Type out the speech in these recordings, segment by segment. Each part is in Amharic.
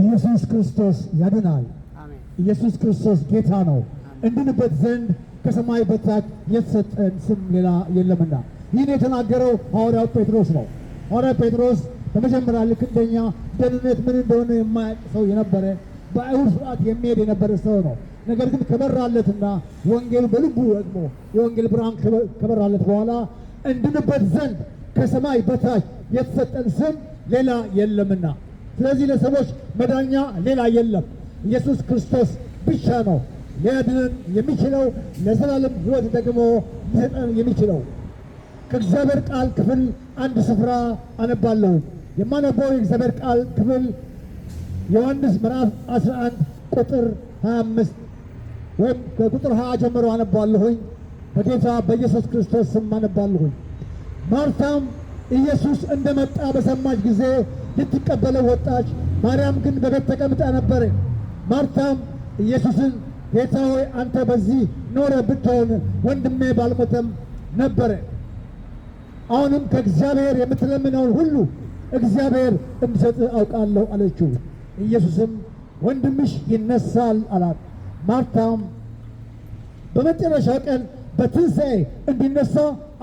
ኢየሱስ ክርስቶስ ያድናል። ኢየሱስ ክርስቶስ ጌታ ነው። እንድንበት ዘንድ ከሰማይ በታች የተሰጠን ስም ሌላ የለምና። ይህን የተናገረው ሐዋርያው ጴጥሮስ ነው። ሐዋርያው ጴጥሮስ በመጀመሪያ ልክ እንደኛ ደህንነት ምን እንደሆነ የማያውቅ ሰው የነበረ በአይሁድ ስርዓት የሚሄድ የነበረ ሰው ነው። ነገር ግን ከበራለትና ወንጌል በልቡ ደግሞ የወንጌል ብርሃን ከበራለት በኋላ እንድንበት ዘንድ ከሰማይ በታች የተሰጠን ስም ሌላ የለምና ስለዚህ ለሰዎች መዳኛ ሌላ የለም፣ ኢየሱስ ክርስቶስ ብቻ ነው ሊያድነን የሚችለው ለዘላለም ሕይወት ደግሞ ሊሰጠን የሚችለው። ከእግዚአብሔር ቃል ክፍል አንድ ስፍራ አነባለሁ። የማነበው የእግዚአብሔር ቃል ክፍል ዮሐንስ ምዕራፍ 11 ቁጥር 25 ወይም ከቁጥር 20 ጀምሮ አነባለሁኝ። በጌታ በኢየሱስ ክርስቶስ ስም አነባለሁኝ። ማርታም ኢየሱስ እንደመጣ በሰማች ጊዜ ልትቀበለው ወጣች። ማርያም ግን በቤት ተቀምጣ ነበር። ማርታም ኢየሱስን ጌታ ሆይ አንተ በዚህ ኖረ ብትሆን ወንድሜ ባልሞተም ነበረ። አሁንም ከእግዚአብሔር የምትለምነውን ሁሉ እግዚአብሔር እንዲሰጥ አውቃለሁ አለችው። ኢየሱስም ወንድምሽ ይነሳል አላት። ማርታም በመጨረሻ ቀን በትንሣኤ እንዲነሳ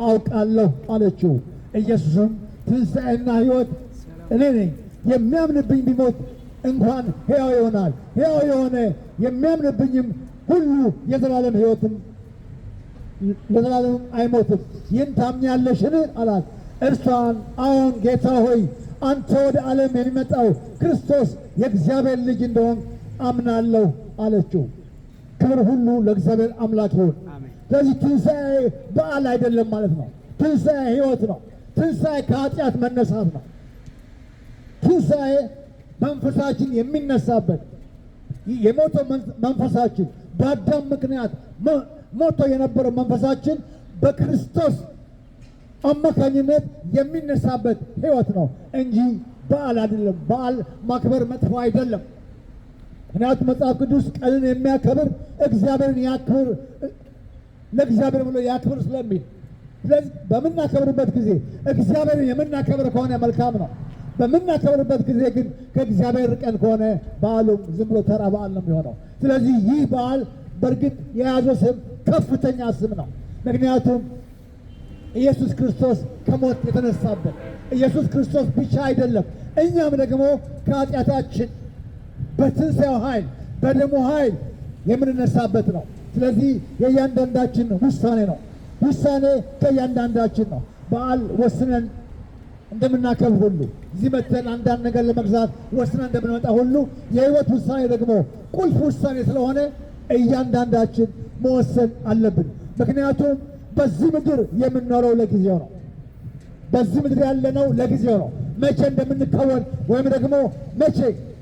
አውቃለሁ አለችው። ኢየሱስም ትንሣኤና ሕይወት እኔ ነኝ። የሚያምንብኝ ቢሞት እንኳን ሕያው ይሆናል። ሕያው የሆነ የሚያምንብኝም ሁሉ የዘላለም ሕይወትም ለዘላለም አይሞትም። ይህን ታምኛለሽን አላት። እርሷን አዎን ጌታ ሆይ አንተ ወደ ዓለም የሚመጣው ክርስቶስ የእግዚአብሔር ልጅ እንደሆን አምናለሁ አለችው። ክብር ሁሉ ለእግዚአብሔር አምላክ ይሁን። ስለዚህ ትንሣኤ በዓል አይደለም ማለት ነው። ትንሣኤ ሕይወት ነው። ትንሣኤ ከኃጢአት መነሳት ነው። ትንሣኤ መንፈሳችን የሚነሳበት የሞተው መንፈሳችን በአዳም ምክንያት ሞቶ የነበረው መንፈሳችን በክርስቶስ አማካኝነት የሚነሳበት ህይወት ነው እንጂ በዓል አይደለም። በዓል ማክበር መጥፎ አይደለም። ምክንያቱም መጽሐፍ ቅዱስ ቀንን የሚያከብር እግዚአብሔርን ያክብር ለእግዚአብሔር ብሎ ያክብር ስለሚል፣ ስለዚህ በምናከብርበት ጊዜ እግዚአብሔርን የምናከብር ከሆነ መልካም ነው። በምናከብርበት ጊዜ ግን ከእግዚአብሔር ቀን ከሆነ በዓሉም ዝም ብሎ ተራ በዓል ነው የሚሆነው። ስለዚህ ይህ በዓል በእርግጥ የያዘው ስም ከፍተኛ ስም ነው። ምክንያቱም ኢየሱስ ክርስቶስ ከሞት የተነሳበት ኢየሱስ ክርስቶስ ብቻ አይደለም፣ እኛም ደግሞ ከኃጢአታችን በትንሣኤው ኃይል በደሙ ኃይል የምንነሳበት ነው። ስለዚህ የእያንዳንዳችን ውሳኔ ነው። ውሳኔ ከእያንዳንዳችን ነው። በዓል ወስነን እንደምናከብ ሁሉ እዚህ መተን አንዳንድ ነገር ለመግዛት ወስነን እንደምንመጣ ሁሉ የህይወት ውሳኔ ደግሞ ቁልፍ ውሳኔ ስለሆነ እያንዳንዳችን መወሰን አለብን። ምክንያቱም በዚህ ምድር የምንኖረው ለጊዜው ነው። በዚህ ምድር ያለነው ለጊዜው ነው። መቼ እንደምንከወን ወይም ደግሞ መቼ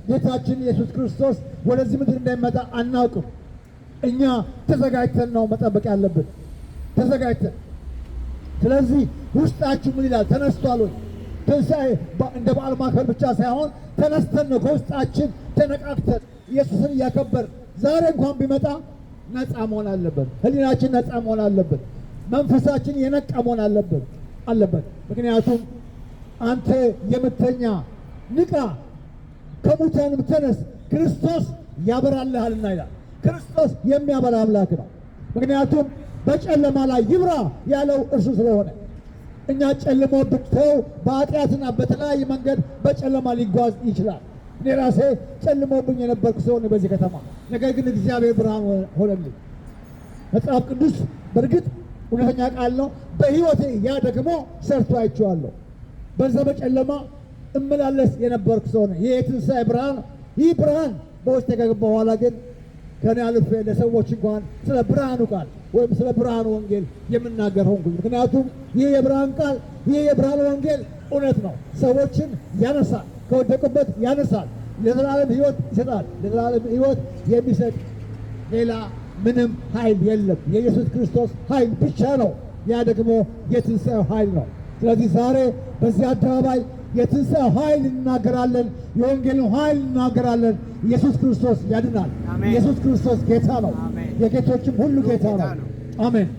ጌታችን ኢየሱስ ክርስቶስ ወደዚህ ምድር እንደሚመጣ አናውቅም። እኛ ተዘጋጅተን ነው መጠበቅ ያለብን፣ ተዘጋጅተን። ስለዚህ ውስጣችሁ ምን ይላል? ተነስቷል ወይ? ትንሣኤ እንደ በዓል ማከል ብቻ ሳይሆን ተነስተን ነው ከውስጣችን ተነቃክተን ኢየሱስን እያከበር ዛሬ እንኳን ቢመጣ ነፃ መሆን አለበት። ህሊናችን ነፃ መሆን አለበት። መንፈሳችን የነቃ መሆን አለበት አለበት። ምክንያቱም አንተ የምተኛ ንቃ፣ ከሙታንም ተነስ፣ ክርስቶስ ያበራልሃልና ይላል። ክርስቶስ የሚያበራ አምላክ ነው። ምክንያቱም በጨለማ ላይ ይብራ ያለው እርሱ ስለሆነ እኛ ጨልሞ ብትተው በኃጢአትና በተለያየ መንገድ በጨለማ ሊጓዝ ይችላል። እኔ ራሴ ጨልሞብኝ የነበርኩ ሰው በዚህ ከተማ፣ ነገር ግን እግዚአብሔር ብርሃን ሆነልኝ። መጽሐፍ ቅዱስ በእርግጥ እውነተኛ ቃል ነው። በህይወቴ ያ ደግሞ ሰርቶ አይቼዋለሁ። በዛ በጨለማ እመላለስ የነበርኩ ሰው ነው። ይህ የትንሣኤ ብርሃን ይህ ብርሃን በውስጥ ከገባ በኋላ ግን ከኔ አልፌ ለሰዎች እንኳን ስለ ብርሃኑ ቃል ወይም ስለ ብርሃኑ ወንጌል የምናገር ሆንኩኝ። ምክንያቱም ይህ የብርሃን ቃል ይህ የብርሃን ወንጌል እውነት ነው። ሰዎችን ያነሳል፣ ከወደቁበት ያነሳል፣ ለዘላለም ህይወት ይሰጣል። ለዘላለም ህይወት የሚሰጥ ሌላ ምንም ኃይል የለም። የኢየሱስ ክርስቶስ ኃይል ብቻ ነው። ያ ደግሞ የትንሣኤው ኃይል ነው። ስለዚህ ዛሬ በዚህ አደባባይ የትንሳ ኃይል እናገራለን። የወንጌልን ኃይል እናገራለን። ኢየሱስ ክርስቶስ ያድናል። ኢየሱስ ክርስቶስ ጌታ ነው፣ የጌቶችም ሁሉ ጌታ ነው። አሜን።